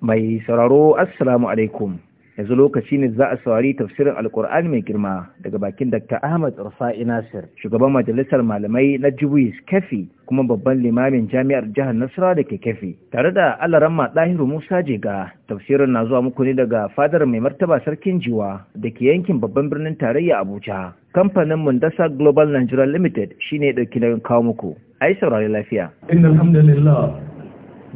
mai sauraro assalamu alaikum yanzu lokaci ne za a saurari tafsirin alkur'ani mai girma daga bakin dr ahmad rufai nasir shugaban majalisar malamai na jubuis kefi kuma babban limamin jami'ar jihar nasara da ke kefi tare da alaramma ɗahiru musa jega tafsirin na zuwa muku ne daga fadar mai martaba sarkin jiwa da ke yankin babban birnin tarayya abuja kamfanin mundasa global nigeria limited shine ɗauki nauyin kawo muku ai saurari lafiya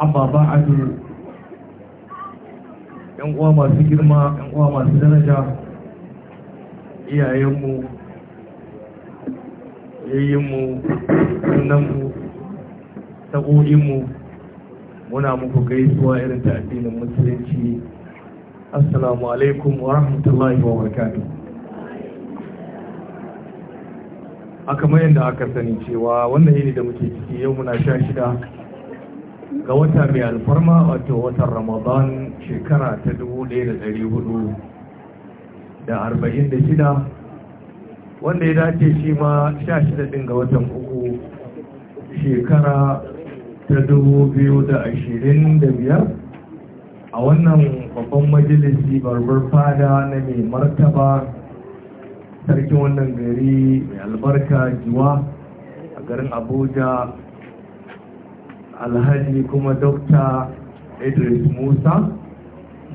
amma ba a duru yan uwa masu girma yan uwa masu daraja iyayenmu yayyinmu sunanmu tagoginmu muna muku gaisuwa irin ta addinin musulunci assalamu alaikum wa rahmatullahi wa barakatu a kamar yadda aka sani cewa wannan yini da muke ciki yau muna sha shida ga wata mai alfarma wato watan ramadan shekara ta 1446 wanda ya dace shi ma 16 din ga watan uku shekara ta biyar. a wannan babban majalisi barbar fada na mai martaba sarkin wannan gari mai albarka jiwa a garin abuja alhaji kuma dokta idris musa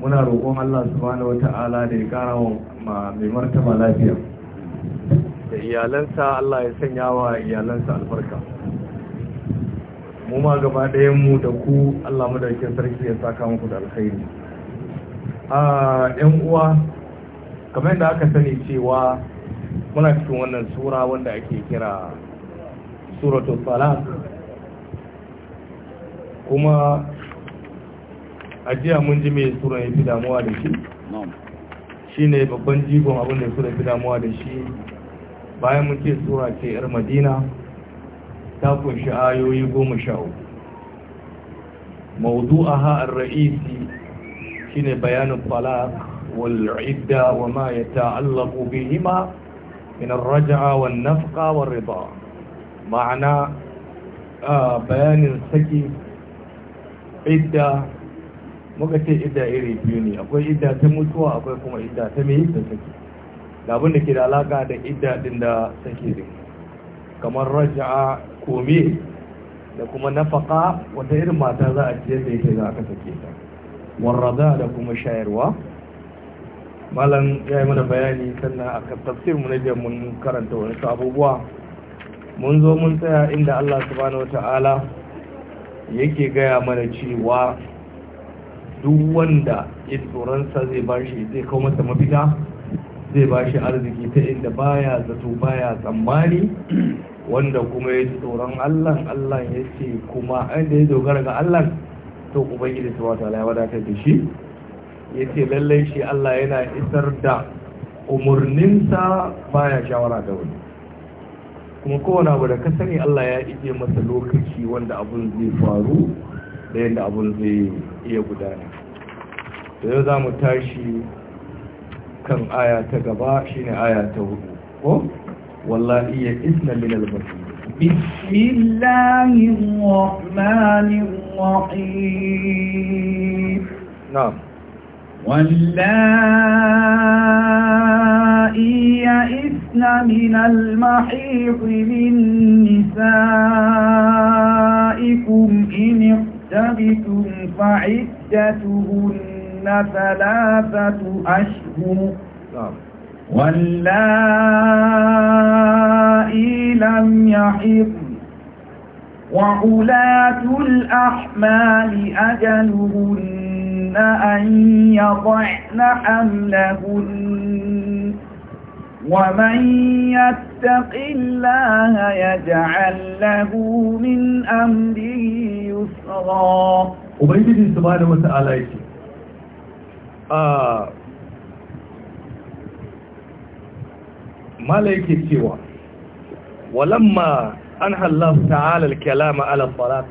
muna roƙon allah subhanahu wa ta'ala da ya ƙara wa mai martaba lafiya da iyalansa allah ya sanya wa iyalansa albarka mu ma gaba ɗayan mu da ku allah madaukin sarki ya saka muku da alkhairi a yan uwa kamar da aka sani cewa muna cikin wannan sura wanda ake kira suratul falak. kuma ajiya mun ji mai sura ya fi damuwa da shi shi ne babban jigon abin da sura fi damuwa da shi bayan mun ce sura ce yar madina ta kunshi ayoyi goma sha uku a ar-ra'isi shine bayanin talaq wal idda wa ma yata'allaqu bihima min ar-raj'a wan nafqa war ma'ana ah, bayanin saki idda muka ce idda iri biyu ne akwai idda ta mutuwa akwai kuma idda ta mai da saki da abin da ke da alaka da idda din da ke din kamar raja'a kome da kuma nafaka wata irin mata za a ciyar da yake za a sake ta a da kuma shayarwa malam ya yi mana bayani sannan a tafsir mu na jiya mun karanta wani abubuwa mun zo mun tsaya inda Allah subhanahu ta'ala yake gaya mana cewa duk wanda tsoronsa zai bashi zai kawo masa mafita zai bashi arziki ta inda baya zato baya tsammani wanda kuma ya tsoron allan allan ya ce kuma inda ya dogara ga Allah to kuma ubangiji su wata ya wadatar da shi ya ce lallai shi Allah yana isar da umarninsa baya shawara da wani kuma kowane abu da ka sani Allah ya ije masa lokaci wanda abun zai faru da yadda abun zai iya gudana da yau za mu tashi kan aya ta gaba shine aya ta hudu ko wallahi ya isna min al bismillahir na'am واللائي يئسن من المحيط من نسائكم إن اختبتم فعدتهن ثلاثة أشهر نعم. واللائي لم يحضن وعلاة الأحمال أجلهن أن يضعن حملهن ومن يتق الله يجعل له من أمره يسرا وبيجي سبحانه وتعالى يجي آه مالك سوى ولما أنهى الله تعالى الكلام على الطلاق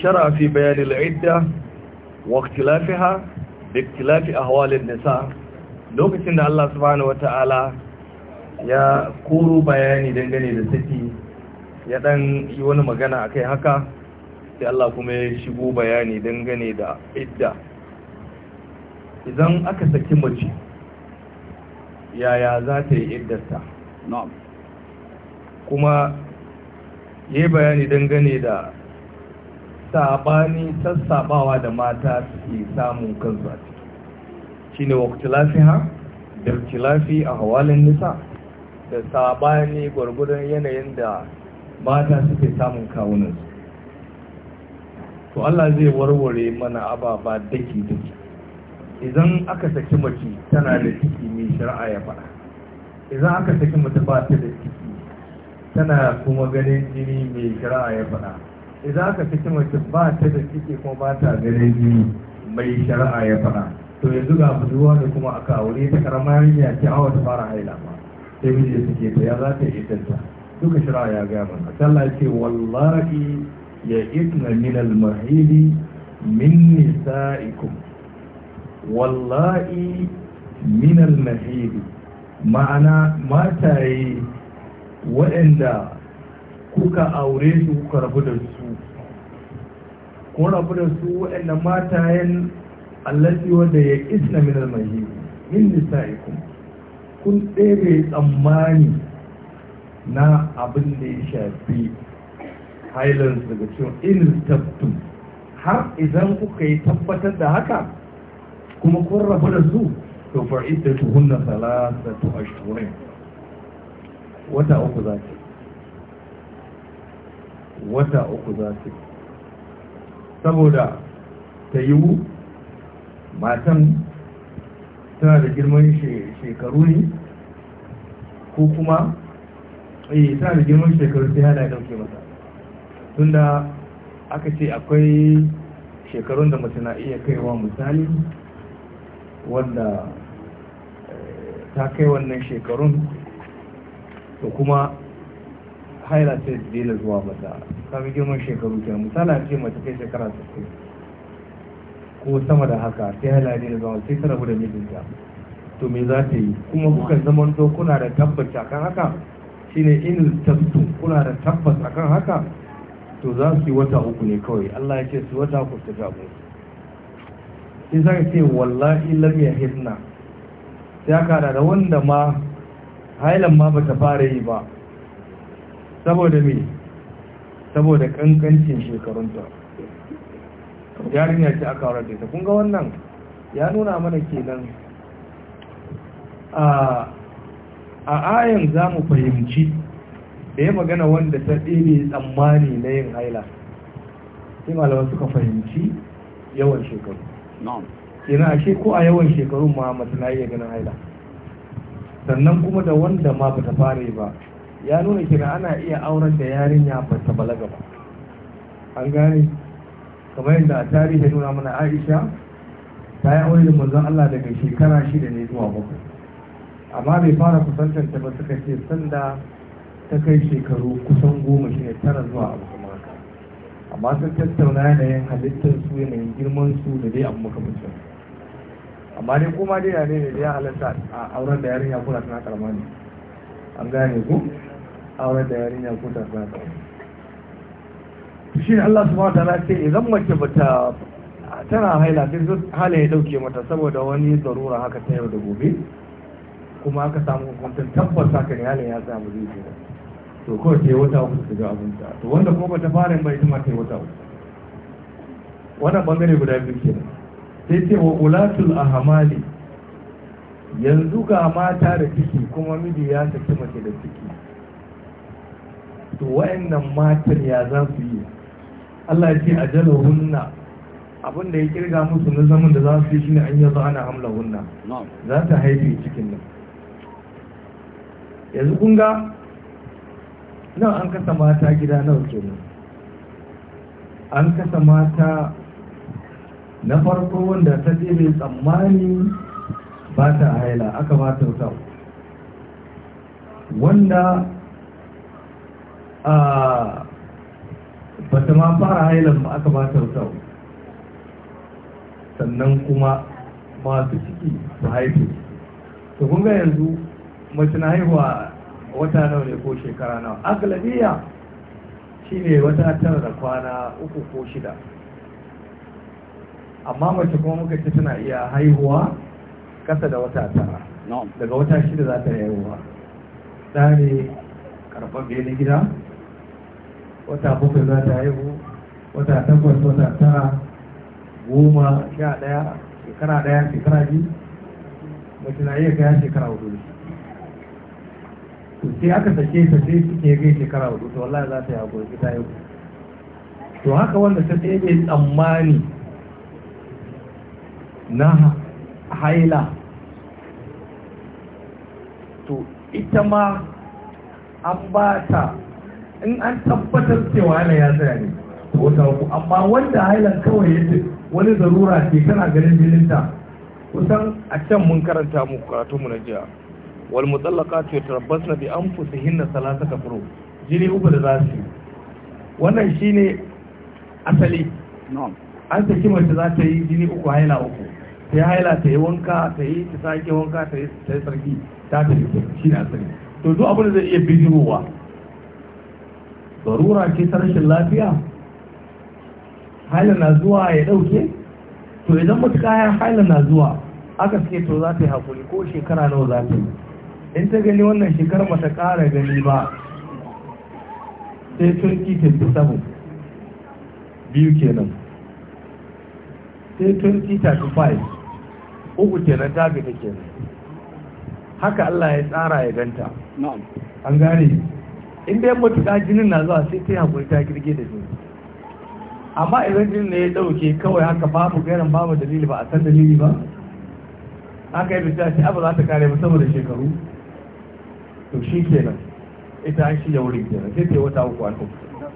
شرع في بيان العدة واختلافها باختلاف أهوال النساء lokacin da Allah subhanahu wata'ala ya koro bayani dangane da saki ya dan yi wani magana akai haka sai Allah kuma ya shigo bayani dangane da idda idan aka saki mace yaya za ta yi iddarta kuma ya yi bayani dangane da sabani sassabawa da mata suke samun kansu a ciki shine waqtilafiha birtilafi a hawalin nisa da sabani gwargwadon yanayin da mata suke samun kawunansu to Allah zai warware mana ababa daki daki idan aka saki mace tana da ciki mai shari'a ya faɗa idan aka saki mace ba ta da ciki tana kuma ganin jini mai shari'a ya faɗa idan aka fi mace ba ta da ciki kuma ba ta da rabi mai shari'a ya fara. to yanzu ga zuwa da kuma aka aure ta karamar yarinya ce awa ta fara haila ma sai miji suke ta ya za ta yi ta duka shari'a ya gaya mana sallah ce wallahi ya idna min al-mahili min nisa'ikum wallahi min al-mahili ma'ana mataye waɗanda kuka aure su kuka rabu da su ko rabu da su waɗanda matayen allasi wanda ya isna min almahi min nisa'ikum kun ɗebe tsammani na abin da ya shafi highlands daga cikin instabtum har idan kuka yi tabbatar da haka kuma kun rabu da su to fa'idda tuhunna salasatu ashhurin wata uku za ta wata uku za ta saboda ta yiwu matan tana da girman shekaru ne ko kuma eh tana da girman shekaru sai hana mata masa tunda aka ce akwai shekarun da mace na iya kaiwa misali wanda eh, ta kai wannan shekarun to kuma haila ce daina zuwa mata kaga girman shekaru ke misali ce mace kai shekara ce ko sama da haka sai halaye da zama sai ta rabu da mijinta to me za ta yi kuma kukan zaman to kuna da tabbaci akan haka shine in tabbatu kuna da tabbas akan haka to za su yi wata uku ne kawai Allah ya ce su wata uku su gabu sai za ka ce wallahi lam hisna. sai aka da wanda ma hailan ma bata fara yi ba saboda me saboda kankancin shekarunta yarinya ce aka horar da ita kun ga wannan ya nuna mana kenan a ayan za mu fahimci da ya magana wanda ta ɗini tsammani na yin haila sai malawa suka fahimci yawan shekaru yana ashe ko a yawan shekaru ma na iya ganin haila sannan kuma da wanda ma ba ta fare ba ya nuna kira ana iya auren da yarinya ba ta balaga ba an gane kamar yadda a tarihi nuna mana aisha ta yi aure da manzon Allah daga shekara shida ne zuwa bakwai amma bai fara kusantanta ba suka ce sanda ta kai shekaru kusan goma shi tara zuwa abu kuma haka amma sun tattauna yanayin halittar su yanayin girman su da dai abu makamancin amma dai kuma dai ya ne da ya halatta a auren da yarinya kula tana karama ne an gane ku auren da yarinya ko ta sa ta shi Allah subhanahu ta'ala ce idan mace bata tana haila sai su hala ya dauke mata saboda wani zarura haka ta yau da gobe kuma aka samu hukuntun tabbas haka ne halin ya samu zuciya to kawai ta yi wata uku su ga abinta to wanda kuma bata fara yin bai ita ma ta yi wata uku wannan bangare guda biyu nan. sai ce wa ulatul ahamali yanzu ga mata da ciki kuma miji ya saki mace da ciki to wayannan matan ya za su yi Allah ya ce ajalahunna abin da ya kirga musu na zaman da za su yi shine an yanzu ana amla-hunna. za ta haifi cikin nan yanzu kunga ga nan an kasa mata gida wuce ne an kasa mata na farko wanda ta je mai tsammani ba ta haila aka ba ta wuta wanda ba ta ma fara hailan ba aka ba tautau sannan kuma masu ciki su haifi su kunga yanzu mace na haihuwa wata nawa ne ko shekara nawa agalabiya shine wata tara da kwana uku ko shida amma mace kuma muka ce tana iya haihuwa kasa da wata tara daga wata shida za ta haihuwa ɗane karɓar na gida wata bakwai za ta haihu wata takwas wata tara goma sha ɗaya shekara ɗaya shekara biyu mace na iya kaya shekara hudu to sai aka sake ta sai suke gai shekara hudu to wallahi za ta yi haƙuri ta haihu to haka wanda ta tsaye bai tsammani na haila to ita ma an ba ta in an tabbatar cewa yana ya tsaya ne ta ku amma wanda hailan kawai ya wani zarura ce kana ganin jininta kusan a can mun karanta mu karatu mu na jiya wal mutallaka ce tarabbas na bi an fusa hinna salasa ka furo jini uku da za su wannan shine asali an saki mace za ta yi jini uku haila uku ta yi haila ta yi wanka ta yi ta sake wanka ta yi sarki ta ta yi shi ne asali to duk abin da zai iya bijirowa barura ce ta rashin lafiya haila na zuwa ya dauke to idan mutuka ya haila na zuwa aka suke to za ta yi hakuri ko shekara nawa za ta yi in ta gani wannan shekarar ba ta ƙara gani ba sai 2027 biyu kenan sai 2035 uku kenan ta fita kenan haka Allah ya tsara ya ganta an gane inda 'yan matuka jinin na zuwa sai ta hakuri ta girge da jini amma idan jinin ne ya dauke kawai haka babu gairan babu dalili ba a san dalili ba haka yi ta ce abu za ta kare ba saboda shekaru to shi kenan ita an shirya wurin kenan sai ta yi wata uku an hukuta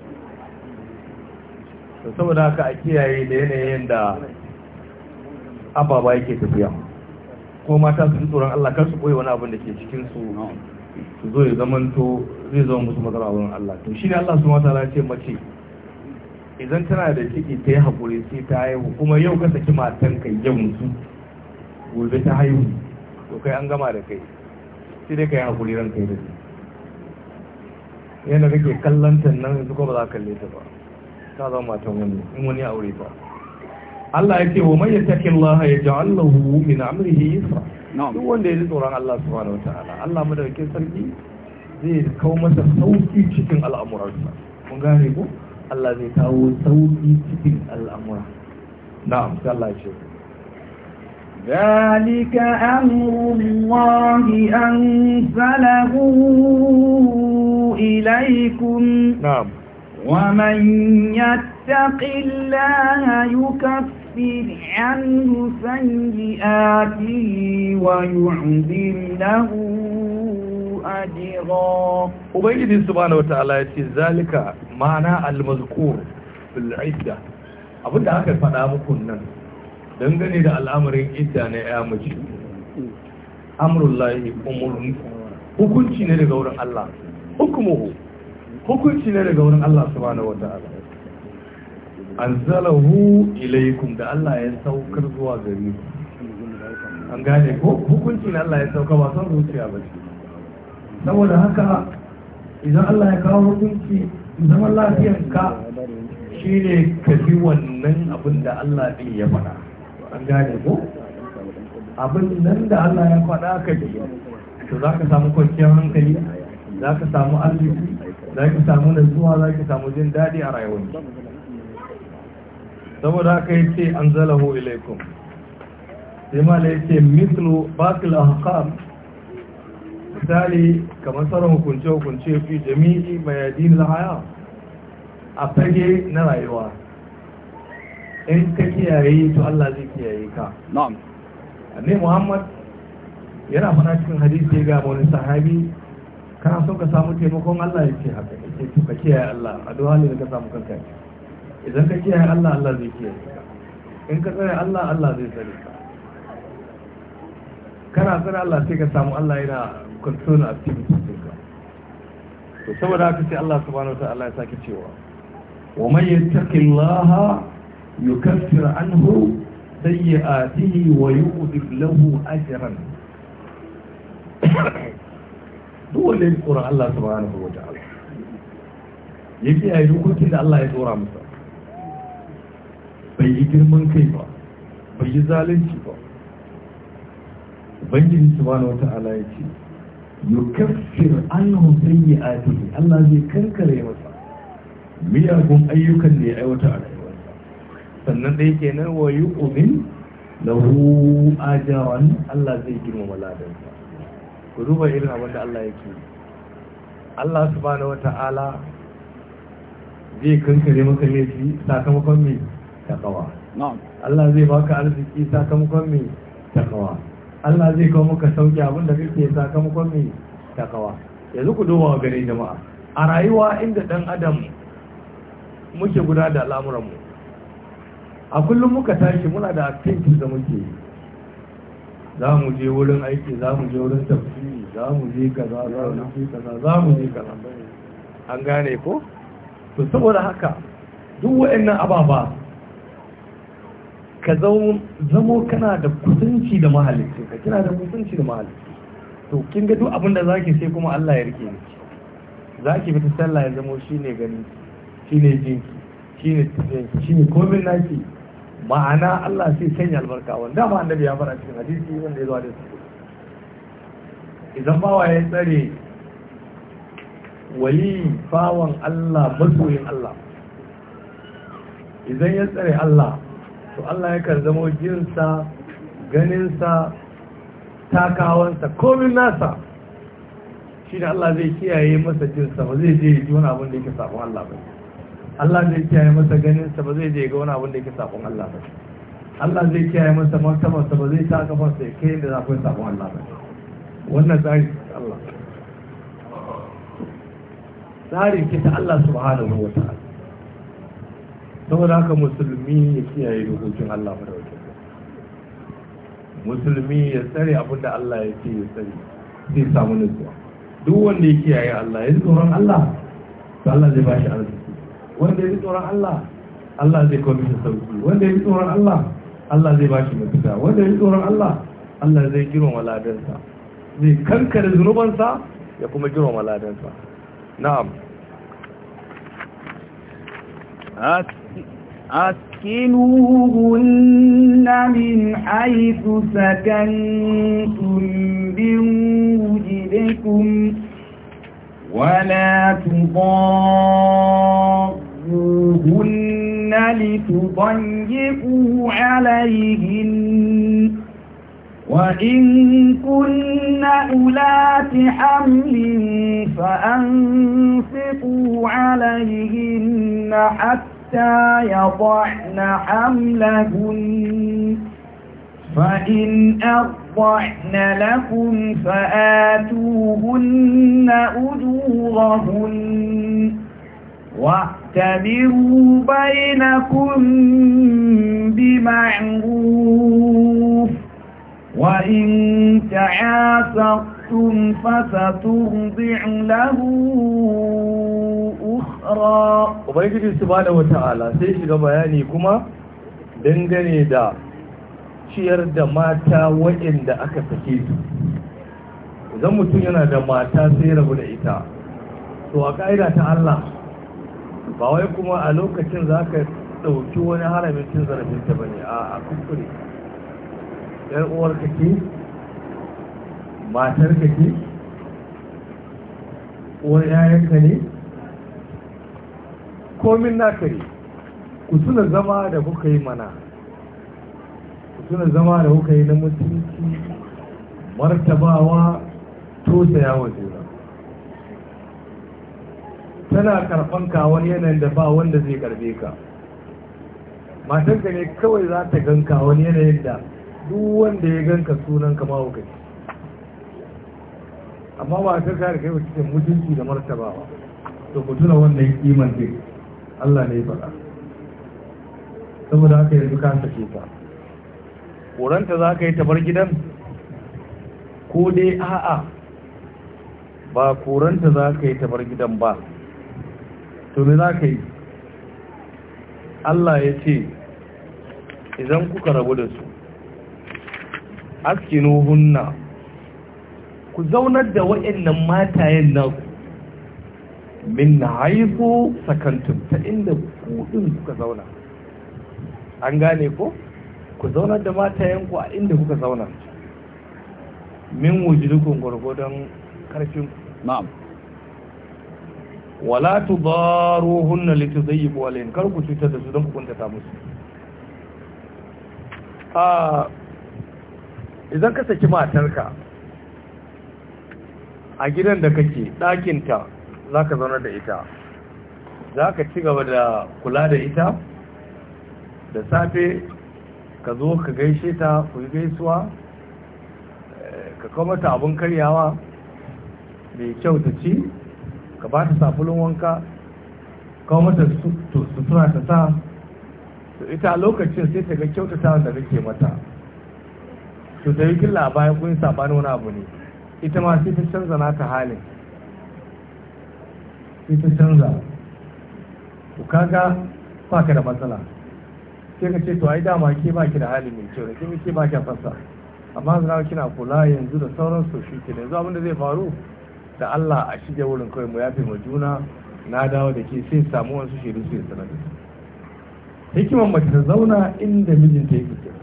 to saboda haka a kiyaye da yanayin da ababa yake tafiya ko mata su tsoron Allah kar su koyi wani abin da ke cikin su su zo ya zamanto zai zama musu matsala wurin Allah to shi ne Allah su mata ce mace idan tana da ciki ta yi haƙuri sai ta haihu kuma yau ka saki matan ka yau musu gobe ta haihu to kai an gama da kai sai dai ka yi haƙuri ran kai da Yana kake kallon ta nan yanzu kuma ba za ka kalle ta ba ta zama matan wani in wani aure ba Allah ya ce wa man ya yaj'al lahu min amrihi yusra duk wanda ya ji tsoron Allah subhanahu ta'ala, Allah madaukakin sarki zai kawo masa sauki cikin al'amuransa mun gane ko Allah zai kawo sauki cikin al'amura na'am sai Allah ya ce ذلك أمر الله أنزله إليكم نعم ومن يتق الله يكفر يكفر عنه سيئاته ويعظم له أجرا وبيجد سبحانه وتعالى ذلك معنى المذكور في العدة da aka faɗa muku nan dangane da al'amarin idda na ya mace amrullahi umurun hukunci ne daga wurin Allah hukumuhu hukunci ne daga wurin Allah subhanahu wa ta'ala anzalahu ilaikum da Allah ya saukar zuwa gare ku an gane ko hukunci hukuncin Allah ya sauka ba san zuciya ba ce saboda haka idan Allah ya kawo hukunci zaman lafiyar shi ne ka bi wannan abin da Allah din ya faɗa an gane ko abin nan da Allah ya faɗa ka ji to zaka samu kwanciyar hankali zaka samu alheri zaka samu nutsuwa zaka samu jin daɗi a rayuwarki saboda an yace anzalahu ilaikum sai mala yace mithlu baqil ahqam misali kamar sauran hukunce hukunce fi jami'i na lahaya a fage na rayuwa in ka kiyaye to Allah zai kiyaye ka na'am ne Muhammad yana fara cikin hadisi ga wani sahabi kana so ka samu taimakon Allah ya ce haka ya ce ka kiyaye Allah a duk halin da ka samu kanka idan ka kiyaye Allah Allah zai kiyaye ka in ka tsare Allah Allah zai tsare ka kana tsare Allah sai ka samu Allah yana control activity din ka to saboda haka sai Allah subhanahu wa ta'ala ya sake cewa wa man yattaqillaha yukaffir anhu sayyi'atihi wa yu'dib lahu ajran duk wanda ya tsoron Allah subhanahu wa ta'ala yake yayi dokokin da Allah ya tsora masa bai yi girman kai ba bai yi zalunci ba ubangiji wata ala ya ce yukaffir yi adini Allah zai karkare masa miyagun ayyukan da ya aiwata a rayuwarsa sannan da yake nan wa yi yu'min lahu ajawan Allah zai girmama ladansa ku duba irin abin da Allah yake Allah wata ala zai kankare maka laifi sakamakon mai takawa Allah zai baka arziki sakamakon mai takawa Allah zai kawo maka sauki abinda kake sakamakon mai takawa yanzu ku duba gare jama'a a rayuwa inda dan adam muke guda da mu, a kullum muka tashi muna da activities da muke za mu je wurin aiki za mu je wurin tafsiri za mu je kaza za mu je kaza za mu je kaza an gane ko to saboda haka duk waɗannan ababa ka zamo kana da kusanci da mahalicci ka kina da kusanci da mahalicci to kin ga duk abin da ki sai kuma Allah ya rike ni ki fita sallah ya zamo shine gani shine jinki shine tafiyanki shine komai naki ma'ana Allah sai sanya albarka wanda ma annabi ya fara cikin hadisi wanda ya zo da idan bawa ya tsare wali fawon Allah masoyin Allah idan ya tsare Allah to Allah yakan zamo jinsa ganinsa takawansa komin nasa shi da Allah zai kiyaye masa jinsa ba zai je ji wani abin da yake sabon Allah ba Allah zai kiyaye masa ganinsa ba zai je ga wani abin da yake sabon Allah ba Allah zai kiyaye masa martabarsa ba zai ta kafarsa ya kai da zafin sabon Allah ba wannan tsari Allah tsarin kita Allah subhanahu wa ta'ala saboda haka musulmi ya kiyaye dokokin Allah madaukakin musulmi ya tsare abin da Allah ya ce ya tsare zai samu nutsuwa duk wanda ya kiyaye Allah ya ji tsoron Allah to Allah zai bashi arziki wanda ya ji tsoron Allah Allah zai kawo mishi sauki wanda ya ji tsoron Allah Allah zai bashi mafita wanda ya ji tsoron Allah Allah zai girma ladansa zai kankare zunubansa ya kuma girma ladansa na'am أسكنوهن من حيث سكنتم من وجدكم ولا تضاروهن لتضيقوا عليهن وإن كن أولات حمل فأنفقوا عليهن حتى يضعن حملهن فإن أرضعن لكم فآتوهن أجورهن واعتبروا بينكم بمعروف وإن تعاسقتم فسترضع له أخرى wata سبحانه sai سيشي bayani kuma dangane da ciyar da mata waɗanda aka sake su idan mutum yana da mata sai rabu da ita to a ƙa'ida ta Allah ba wai kuma a lokacin za ka ɗauki wani haramin cin zarafinta ba ne a kuskure yar uwarka ke matarka ke uwar yayanka ne komin naka ne ku suna zama da kuka yi mana ku suna zama da kuka yi na mutunci martabawa tosaya wa juna tana karɓar kawar yanayin da ba wanda zai karbe ka matanka ne kawai za ta gan wani yanayin da duk wanda ya ganka sunan ka mahaukaci amma ba ka kare kai wacce mutunci da martabawa to ku tuna wannan kiman din Allah ne faɗa saboda haka yanzu ka sake ta koranta za ka yi ta bar gidan ko dai a'a ba koranta za ka yi ta bar gidan ba to me za ka yi Allah ya ce idan kuka rabu da su askinuhunna ku zaunar da waɗannan matayen ku. min haifu sakantum ta inda kuɗin kuka zauna an gane ko ku zaunar da matayenku a inda kuka zauna min wujudukun gwargwadon ƙarfin na'am wala tudaruhunna litudayyibu alayhin kar ku cutar da su don ku ta musu ah, idan ka saki matarka a gidan da kake ɗakinta za ka zauna da ita za ka ci gaba da kula da ita da safe ka zo ka gaishe ta ku yi gaisuwa eh, ka kawo mata abin karyawa mai kyau ta ci ka ba ta sabulun wanka kawo mata sutura ta sa ita lokacin sai ta ga kyautata da kake mata to da yi labarin a kun sabani wani abu ne ita ma sai ta canza ta halin sai ta canza ku kaga ba ka da matsala sai ka ce to ai dama ke ba ki da hali mai kyau da kin ke ba ki fassa amma zana kina kula yanzu da sauran su shi ke yanzu abin da zai faru da Allah a shige wurin kawai mu yafe mu juna na dawo da ke sai samu wasu shirin su ya sanar da hikimar mace ta zauna inda mijinta yake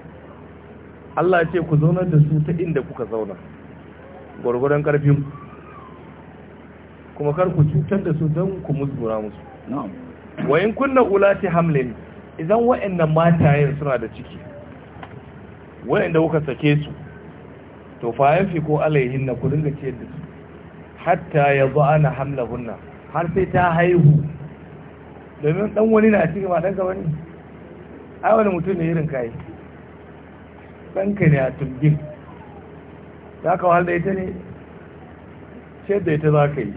Allah ce ku zaunar da su ta inda kuka zauna gwargwaron karfin kuma kar ku cutar da su don ku musgura musu wayin kunna ulati hamlin idan wa'annan matayen suna da ciki wa'anda kuka sake su to fa yafi ko alaihin na ku dinga ciyar da su hatta ya ana hamlahunna har sai ta haihu domin dan wani na cikin ma dan ka wani ai wani mutum ne irin kai ɗanka ne a turgin ya kawo wahal da ita ne ce da ita za ka yi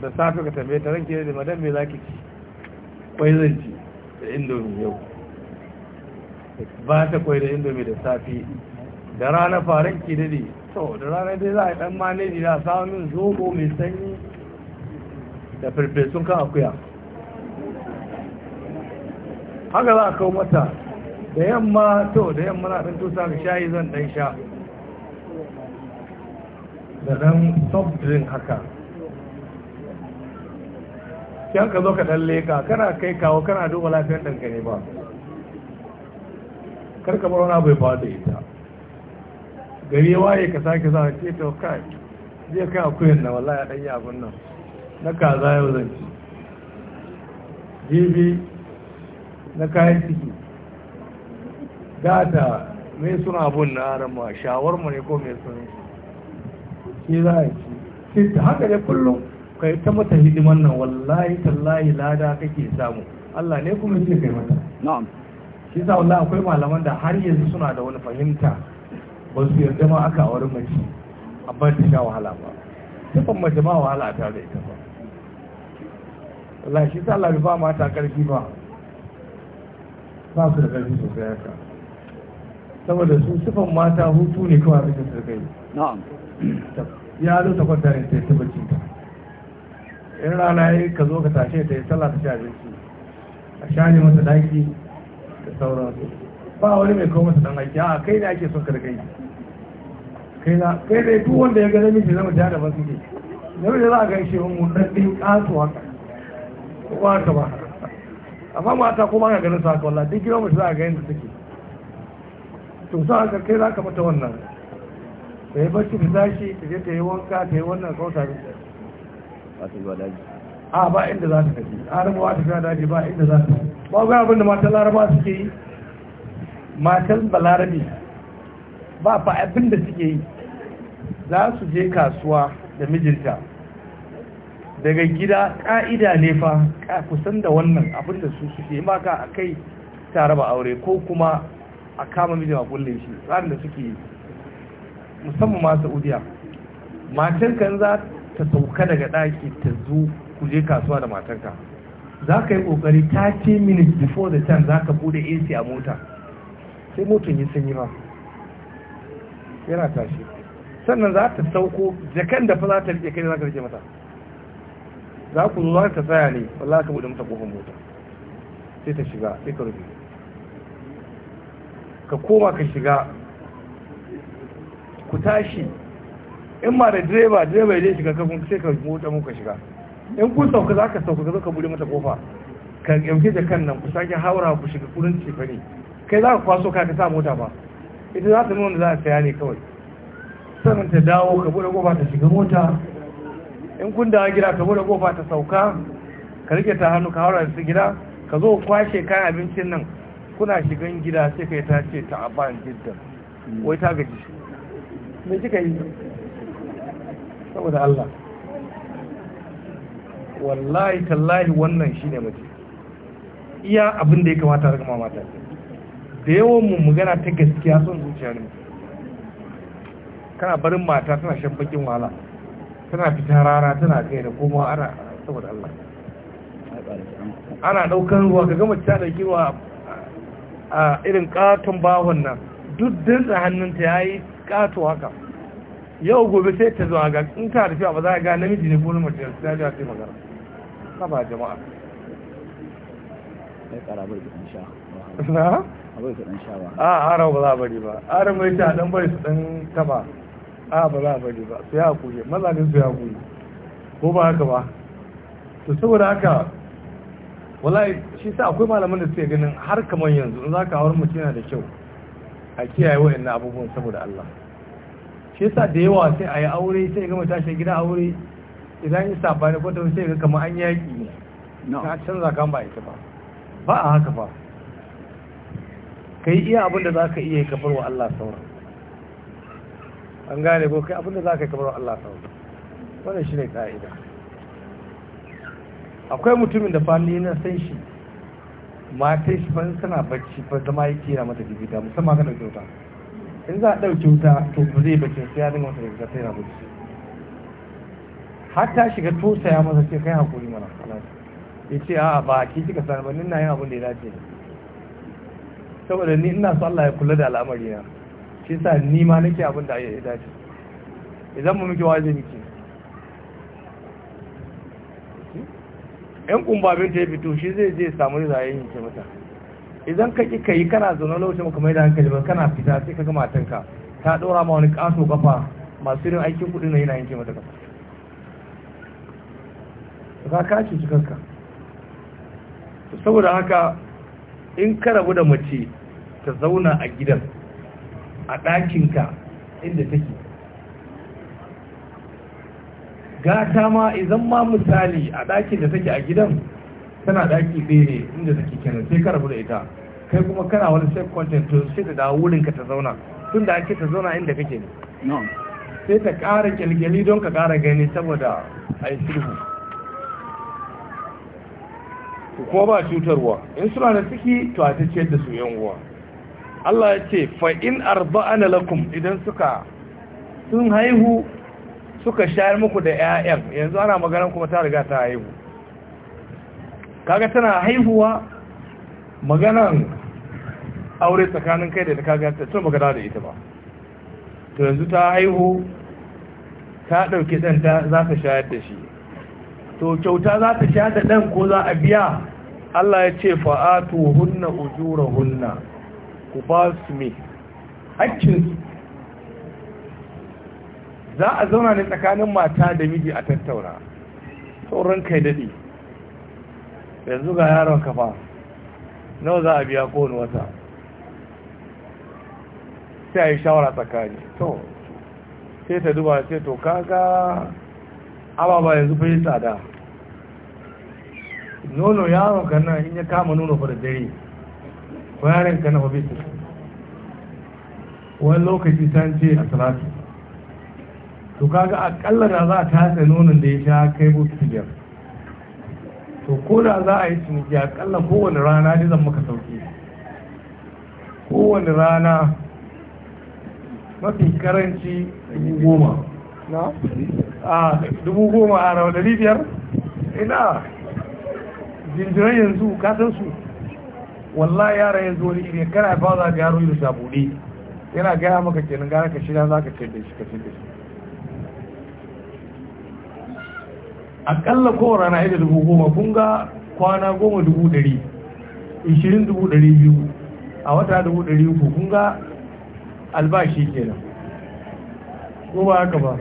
da safi ka tambaye ta ranke da madan mai za ki ci kwai zan ci da indomi yau ba ta kwai da indomi da safe da rana farin ki dade to da rana dai za a dan ne da samun zobo mai sanyi da firfesun kan akuya haka za a kawo mata da yamma to da yamma na ɗan tusa ga shayi zan ɗan sha da ɗan soft drink haka kyan ka zo ka ɗan leka kana kai kawo kana duba lafiyar ɗanka ne ba karka bar wani abu ya faɗa ita gari waye ka sake za a ce to kai zai kai akuyin na wallahi a ɗanyi abin nan na kaza yau zan ci jibi na kayan ciki data me suna abun na arama shawar mu ne ko me suna shi za a ci shi ta haka da kullum kai ta mata hidiman nan wallahi tallahi lada kake samu Allah ne kuma shi kai mata na'am shi sa wallahi akwai malaman da har yanzu suna da wani fahimta ba su yarda ma aka aure mace a amma ta sha wahala ba tufan mace ma wahala ta da ita ba Allah shi sa Allah ba mata karfi ba ba su da karfi sosai haka saboda su sufan mata hutu ne kawai abin da suka ya zo ta kwanta ne ta yi ta ta in rana yi ka zo ka tashe ta yi sallah ta ci abinci a share masa daki da sauransu ba wani mai kawo masa dan aiki a kai ne ake son karkai kai na kai ne duk wanda ya ga namiji zama jihar da ba suke namiji za a gan shi mun dan din kasu haka ko ba ka ba amma mata kuma ga ganin sa wallah duk gina mu za a ga yadda take to sa ka kai za ka mata wannan ta yi barci da tashi ta je ta yi wanka ta yi wannan kawo tare da a ba inda za ta tafi arabawa ta sha daji ba inda za ta ba ga abin da matan laraba suke yi matan balarabi ba fa abin da suke yi za su je kasuwa da mijinta daga gida ƙa'ida ne fa kusan da wannan abin da su suke yi maka a kai tare ba aure ko kuma a kama mijin a kulle shi tsarin da suke yi musamman ma saudiya kan za ta sauka daga daki ta zo ku je kasuwa da matanka za ka yi ƙoƙari 30 minutes before the time za ka bude ac a mota sai motan yi sanyi ba yana tashi sannan za ta sauko jakan da fa za ta rike kai za ka rike mata za ku zo za ta tsaya ne wallah ka bude mata kofar mota sai ta shiga sai ka rufe ka koma ka shiga ku tashi in ma da direba direba ya shiga kafin sai ka mota mu ka shiga in kun sauka za ka sauka ka zo ka bude mata kofa ka yauke da kan nan ku sake haura ku shiga kurin cefa ne kai za ka kwaso ka ka sa mota ba ita za ta nuna za a saya ne kawai sannan ta dawo ka bude kofa ta shiga mota in kun dawo gida ka bude kofa ta sauka ka rike ta hannu ka haura da su gida ka zo kwashe kayan abincin nan kuna shigan gida sai kai ta ce ta aban jiddan wai ta gaji shi me kika yi saboda Allah wallahi tallahi wannan shine mace iya abin da ya kamata a rikama mata da yawan mu magana ta gaskiya son zuciya ne kana barin mata tana shan bakin wahala tana fita rana tana kai da kuma ana saboda Allah ana ɗaukar ruwa ka gama ta ɗauki ruwa a irin katon bahon nan duk dinsa hannunta ya yi kato haka yau gobe sai ta zuwa ga in ta da ba za a ga namiji ne ko na mace ta ce magana sai ba jama'a sai kara bai kudin sha na bai kudin sha ba a ara ba za a bari ba ara mai ta dan bari su dan taba a ba za a bari ba su ya kuje maza ne su ya kuje ko ba haka ba to saboda haka wallahi shi sa akwai malaman da suke ganin har kamar yanzu in zaka hawar mutum yana da kyau a kiyaye waɗannan abubuwan saboda Allah shi sa da yawa sai a yi aure sai ga matashi gida aure idan yi sabani ko tafi sai ga kamar an yaki ne na canza kan ba ita ba ba a haka ba ka yi iya abinda za ka iya kafar wa Allah saura an gane ko kai abinda za ka kafar wa Allah saura wannan shi ne ka'ida akwai mutumin da fani na san shi matan shi fan suna bacci fa zama yake yana mata gida musamman ka dauke wuta in za a dauke wuta to ba zai bacci sai ya dinga mata gida sai na bacci har ta shiga ya masa ce kai hakuri mana ya ce a'a ba ki kika sani ba ni na yin abin da ya dace saboda ni ina so Allah ya kula da al'amari na shi sa ni ma nake abin da ya dace idan mu muke waje miki yan kumbabin ta ya fito shi zai je samu rizayen yi ce mata idan ka ki ka yi kana zaune lokacin kuma mai da hankali kana fita sai ka ga matanka ta ɗora ma wani ƙaso kafa masu irin aikin kuɗi na yana yanke mata kafa ka kanka saboda haka in ka rabu da mace ta zauna a gidan a ɗakinka inda take gata ma idan ma misali a ɗakin da take a gidan tana ɗaki ɗaya ne inda take kenan sai ka rabu da ita kai kuma kana wani sai content to sai ta dawo wurinka ta zauna tun da ake ta zauna inda kake ne sai ta ƙara kyalkyali don ka ƙara gani saboda a yi sulhu kuma ba cutarwa in suna da ciki to a ta ciyar da su yan uwa Allah ya ce fa in arba'ana lakum idan suka sun haihu suka shayar muku da 'ya'yan yanzu ana maganar kuma ta riga ta haihu kaga tana haihuwa maganan aure tsakanin kai da kaga ta tun magana da ita ba to yanzu ta haihu ta ɗauki ɗan ta za ta shayar da shi to kyauta za ta shayar da ɗan ko za a biya Allah ya ce fa'atu hunna ujura hunna ku ba su me za a zauna ne tsakanin mata da miji a tattauna tsoron kai daɗi yanzu ga yaron kafa nawa za a biya kowane wata sai a yi shawara tsakani to sai ta duba sai to kaga ababa yanzu bai tsada nono yaron ka nan in ya kama nono fa da dare ko yaron ka na fa bisa wani lokaci san ce a salatu to kaga akalla da za a tatsa nonon da ya sha kai bokiti biyar to ko da za a yi ciniki akalla kowane rana ne zan maka sauki kowane rana mafi karanci goma na? a dubu goma a rawa dari biyar ina jinjirai yanzu katon su wallah yara yanzu wani iri kana ba za ga yaro yi da shabuɗi yana gaya maka kenan gara ka shiga za ka ce da shi ka ce da shi akalla kowa rana aida dubu goma kun ga kwana goma dubu dari ishirin dubu dari biyu a wata dubu dari uku kun ga albashi kenan ko ba haka ba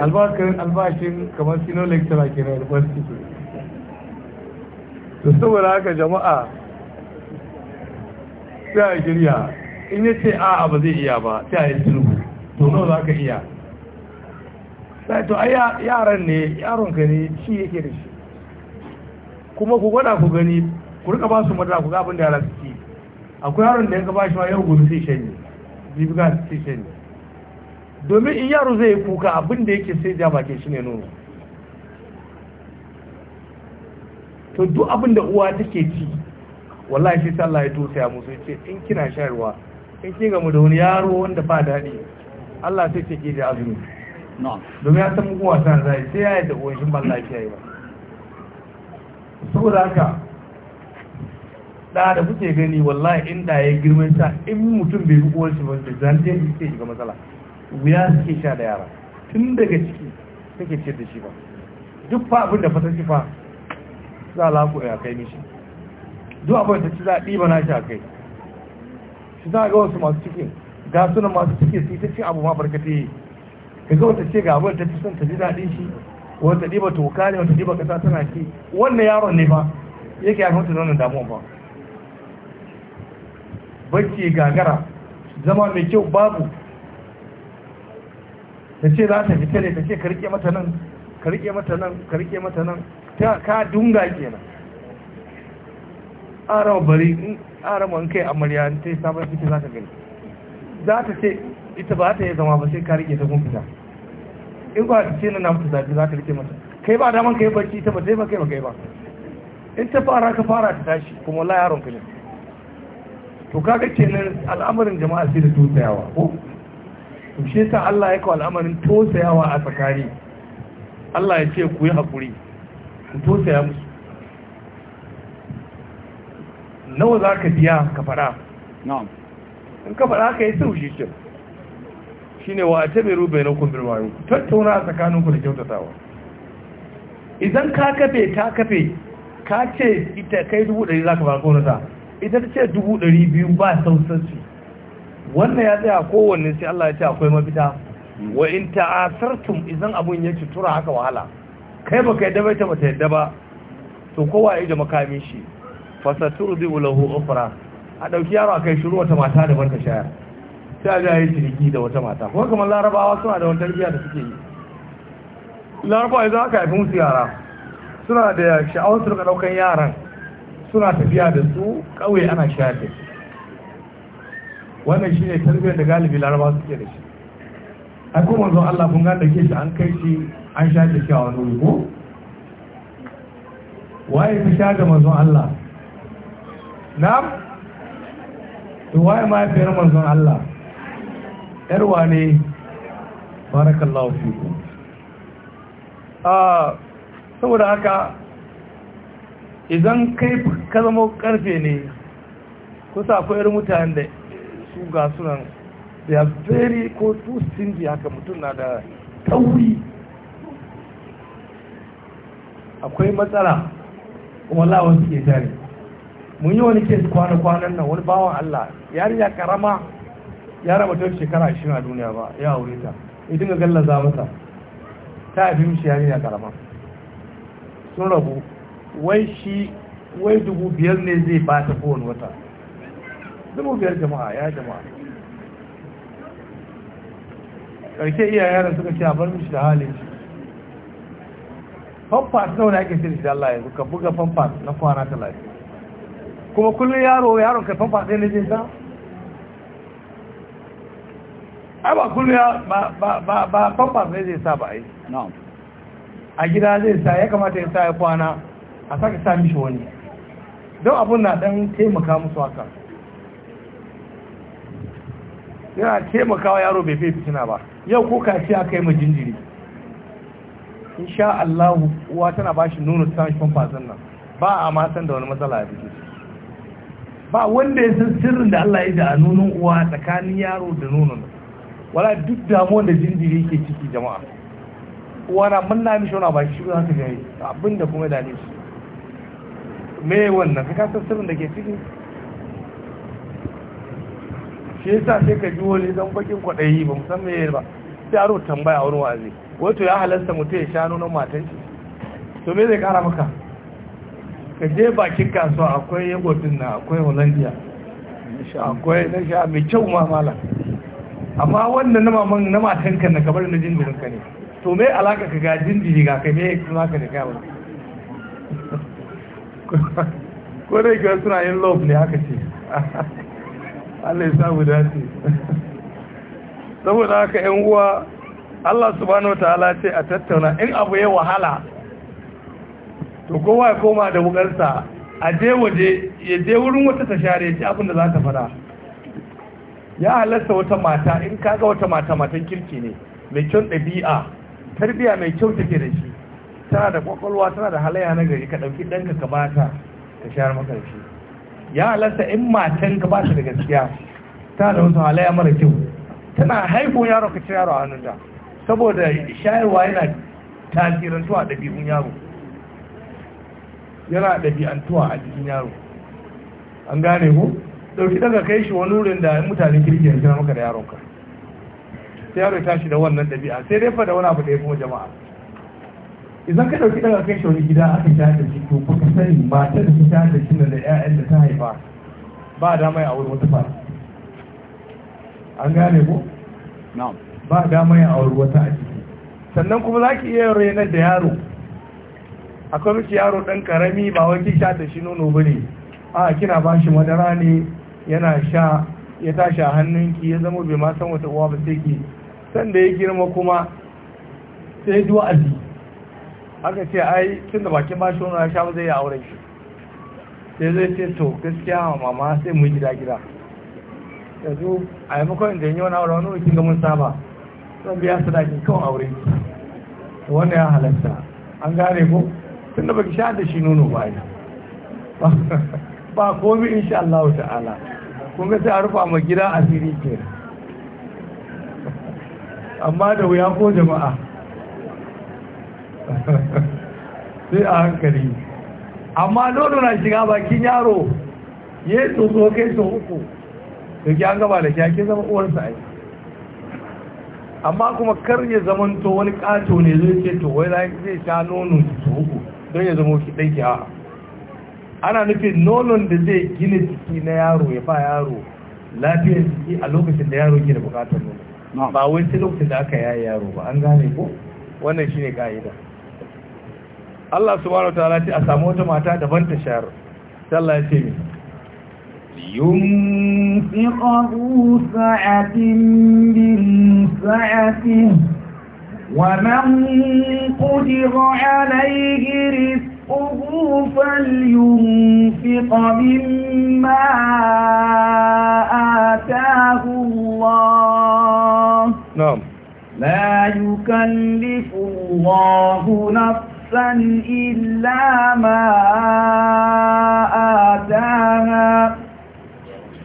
albashin albashin kamar sino lecturer kenan university ke to saboda haka jama'a sai a shirya in ya ce a'a ba zai iya ba sai a yi sulhu to nawa za ka iya sai to ai yaran ne yaron ka ne shi yake da shi kuma ku gwada ku gani ku rika ba su madara ku ga abin da yara suke akwai yaron da yanka ba shi ma yau gobe sai shanye bibi ga sai ne domin in yaro zai kuka abin da yake sai ja bakin shi ne nono to duk abin da uwa take ci wallahi shi Allah ya ya musu ce in kina shayarwa in kin mu da wani yaro wanda ba daɗi Allah sai ce ke da azumi domin ya san mugun wasan zai sai ya yi da uwan shi ban lafiya yi ba saboda haka da da kuke gani wallahi inda ya girman sha in mutum bai rukuwar shi ba da zanjen da suke shiga matsala wuya suke sha da yara tun daga ciki suke ce da shi ba duk fa abin da fata shi fa za a lako ya kai mishi duk abin da ci za a ɗiba na shi a kai shi za a ga wasu masu cikin ga suna masu cikin su ta ce abu ma barkatai ka ga wata ce ga abin ta fi son ta ji daɗin shi wata ɗiba toka ne wata ɗiba kasa tana ki wannan yaron ne ba yake haifar da wannan damuwa ba bacci gagara zama mai kyau babu ta ce za ta fita ne ta ce karke mata nan karke mata nan karke mata nan ta ka dunga kenan arama bari in arama in kai amarya ta yi sabon fita za ta gani za ta ce ita ba ta yi zama ba sai ka rike ta kun fita in ba ta ce na fita zafi za ka rike mata kai ba daman kai barci ta ba zai ba kai ba kai ba in ta fara ka fara ta tashi kuma wallahi yaron ka ne to kaga kenan al'amarin jama'a sai da tosayawa ko to shi yasa Allah ya kawo al'amarin tosayawa a tsakani Allah ya ce ku yi hakuri ku tosaya musu nawa za ka biya ka fara na'am in ka fara ka yi sau shi kenan shine wa atabiru bainakum bil ma'ruf tattauna tsakaninku da kyautatawa idan ka kafe ta kafe ka ce ita kai dubu ɗari za ka ba gonata ita ta ce dubu ɗari biyu ba sausansu wannan ya tsaya kowanne sai Allah ya ce akwai mafita wa in ta'asartum idan abun ya ci tura haka wahala kai ba kai dabai ta bata yadda ba to kowa ya ji makamin shi fasaturdi lahu ukhra a dauki yaro kai shiru wata mata da barka shayar sai ga yi ciniki da wata mata kuma kamar larabawa suna da wani tarbiya da suke yi larabawa za ka haifi musu yara suna da sha'awar su daga daukan yaran suna tafiya da su kawai ana shayar da su wannan shi ne tarbiyyar da galibi larabawa suke da shi a kuma zuwa allah kun gada ke shi an kai shi an shayar da shi a wani wuri ko waye fi shayar da manzon allah na waye ma ya fi manzon allah yarwa ne barakallahu fi a ah, saboda haka idan kai ka zama karfe ne kusa akwai yar mutane da su ga sunan they are very ko su sinji haka mutum na da tauri akwai matsala kuma lawan ke tare? mun yi wani kes kwana-kwanan nan wani bawan Allah Yari ya karama ya raba ta shekara ashirin a duniya ba ya aure ta ya dinga gallaza mata ta haifi mishi yarinya karama sun rabu wai shi wai dubu biyar ne zai ba ta kowane wata dubu biyar jama'a ya jama'a iya iyayen suka ce a bar mishi da halin shi famfas nawa ne ake shirin da Allah yanzu ka buga famfas na kwana talatin kuma kullum yaro yaron ka famfas ne na jinsa ai ba kullum ya ba famfas ne zai sa ba yi. a gida zai sa ya kamata ya sa ya kwana a sake sa mishi wani don abin na dan taimaka musu haka yana taimakawa yaro bai fi fitina ba yau ko kaci aka yi majinjiri sha Allah uwa tana ba shi nuna ta shi famfasin nan ba a matan da wani matsala ya fito ba wanda ya san sirrin da Allah ya ji a nunin uwa tsakanin yaro da nunin wala duk damuwan da jinjiri ke ciki jama'a wana mun na mishi wani baki shi zaka gani, abin da kuma dane shi me wannan ka san sirrin da ke ciki shi yasa sai ka ji wani dan bakin kwaɗayi ba mu san me ba sai aro tambaya wani wazi to ya halasta mutum ya sha nan matan shi to me zai kara maka ka je bakin kasuwa akwai yagodin na akwai holandiya akwai na sha mai kyau ma malam amma wannan na na matan kan na kamar na jinjirin ka ne to me alaka ka ga jinjiri ga kai me kuma ka da kai ba ko dai ga suna yin love ne haka ce Allah ya samu dace saboda haka yan uwa Allah subhanahu wataala ce a tattauna in abu ya wahala to kowa ya koma da bukarsa a je waje ya je wurin wata ta share ya ci abin da za ta fara ya halarta wata mata in kaga wata mata matan kirki ne mai kyau ɗabi'a tarbiya mai kyau take da shi tana da kwakwalwa tana da halayya na gari ka ɗauki ɗanka ka bata ka shayar maka da shi ya halarta in matan ka bata da gaskiya tana da wasu halayya mara kyau tana haifo yaro ka ci yaro a hannunta saboda shayarwa yana tasirantuwa a ɗabi'un yaro yana ɗabi'antuwa a jikin yaro an gane ko dauki daga kai shi wani wurin da mutane kirki ya kira maka da yaronka sai yaro ya tashi da wannan dabi'a sai dai fa da wani abu da ya kuma jama'a idan ka dauki daga kai shi wani gida aka sha da shi to kuka sani ta da ta da shi da ƴaƴan da ta haifa ba dama ya aure wata fara an gane ko na'am ba dama ya aure wata a ciki sannan kuma za ki iya renar da yaro akwai miki yaro dan karami ba wai ki sha da shi nono bane a kina ba shi madara ne yana sha ya tashi a hannunki ya zama bai ma san wata uwa ba sai ki sanda ya girma kuma sai duwa du'azi aka ce ai tun da bakin ba shi wani sha ba zai yi auren shi sai zai ce to gaskiya mama sai mu gida gida yanzu a yi makon da yi wani aure wani wakil ga saba zan biya su dakin kan aure wannan ya halatta an gane ko tun da baki sha da shi nono ba ba komi insha Allah ta'ala kun ga sai a rufa ma gida asiri ke amma da wuya ko jama'a sai a hankali amma nono na shiga bakin yaro ya yi tsoso kai sau uku da ki an gaba da ki zama uwarsa ai amma kuma kar ya zamanto wani kato ne zai ce to wai zai sha nono su uku don ya zama ki ɗaiki ana nufin nonon da zai gina jiki na yaro ya ba yaro lafiyar jiki a lokacin da yaro ke da bukatar nono ba wai sai lokacin da aka yaye yaro ba an gane ko wannan shine ka'ida Allah subhanahu wa ta'ala ce a samu wata mata daban ta shayar sai Allah ya ce mi ينفق sa'atin سعة sa'atin wa man qudira alayhi رزقه فلينفق مما آتاه الله نعم لا يكلف الله نفسا إلا ما آتاها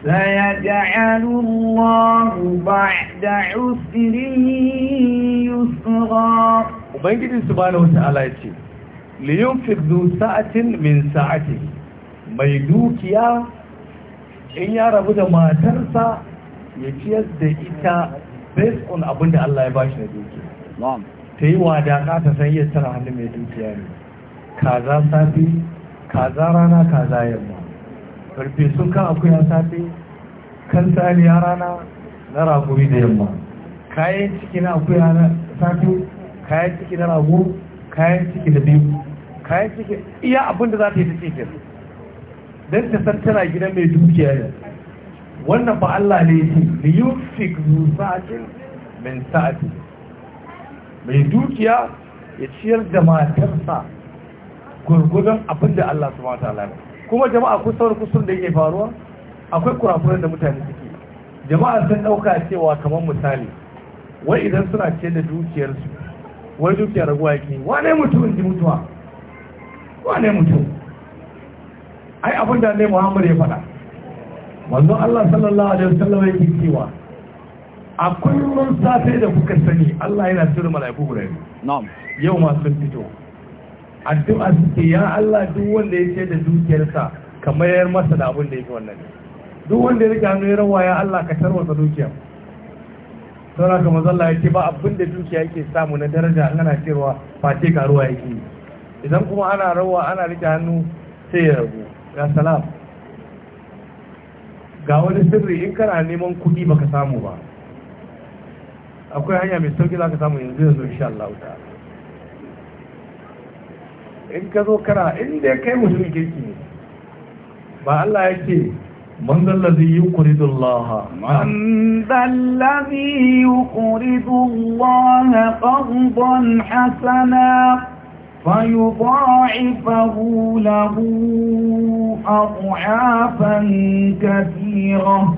سيجعل الله بعد عسر يسرا كده سبحانه وتعالى يتشير liyunfiddu sa'atin min sa'ati mai dukiya in ya rabu da matarsa ya ciyar da ita based on abin da Allah ya ba shi da dukiya ta yi wadaka ta san iya tara hannu mai dukiya ne kaza safi kaza rana kaza yamma karfe sun kan akuya safi kan saniya rana na raguri da yamma kayan ciki na akuya safi kayan ciki na rago kayan ciki da biyu kayan cike iya abin da za ta yi ta cike don ta san tana gidan mai dukiya ne wannan ba Allah ne ce da yi fik sa'atin min sa'atin mai dukiya ya ciyar da matarsa gurgudan abin da Allah su mata lana kuma jama'a kun saurin kusur da yake faruwa akwai kurakuran da mutane suke jama'a sun ɗauka cewa kamar misali wai idan suna ce da dukiyarsu wai dukiyar raguwa yake wane mutum ji mutuwa wane mutum ai abin da ne muhammad ya faɗa wanzu allah sallallahu alaihi wasallam yake cewa a kullum safe da kuka sani allah yana cire mala'iku guda biyu yau ma sun fito addu'a suke ya allah duk wanda ya ce da dukiyarsa kamar yayar masa da abin da yake wannan duk wanda ya rika hannu ya rawa ya allah ka tarwata dukiyar saura kamar zalla ya ce ba abin da dukiya yake samu na daraja ana cewa face karuwa yake yi idan kuma ana rawa ana rike hannu sai ya ragu ya salam ga wani sirri in kana neman kuɗi baka samu ba akwai hanya mai sauki za ka samu yanzu yanzu insha Allah ta in ka zo kana inda ya kai mutumin kirki ne ba Allah ya ce man يقرض الله من man الذي يقرض الله قرضا حسنا فيضاعفه له أضعافا كثيرة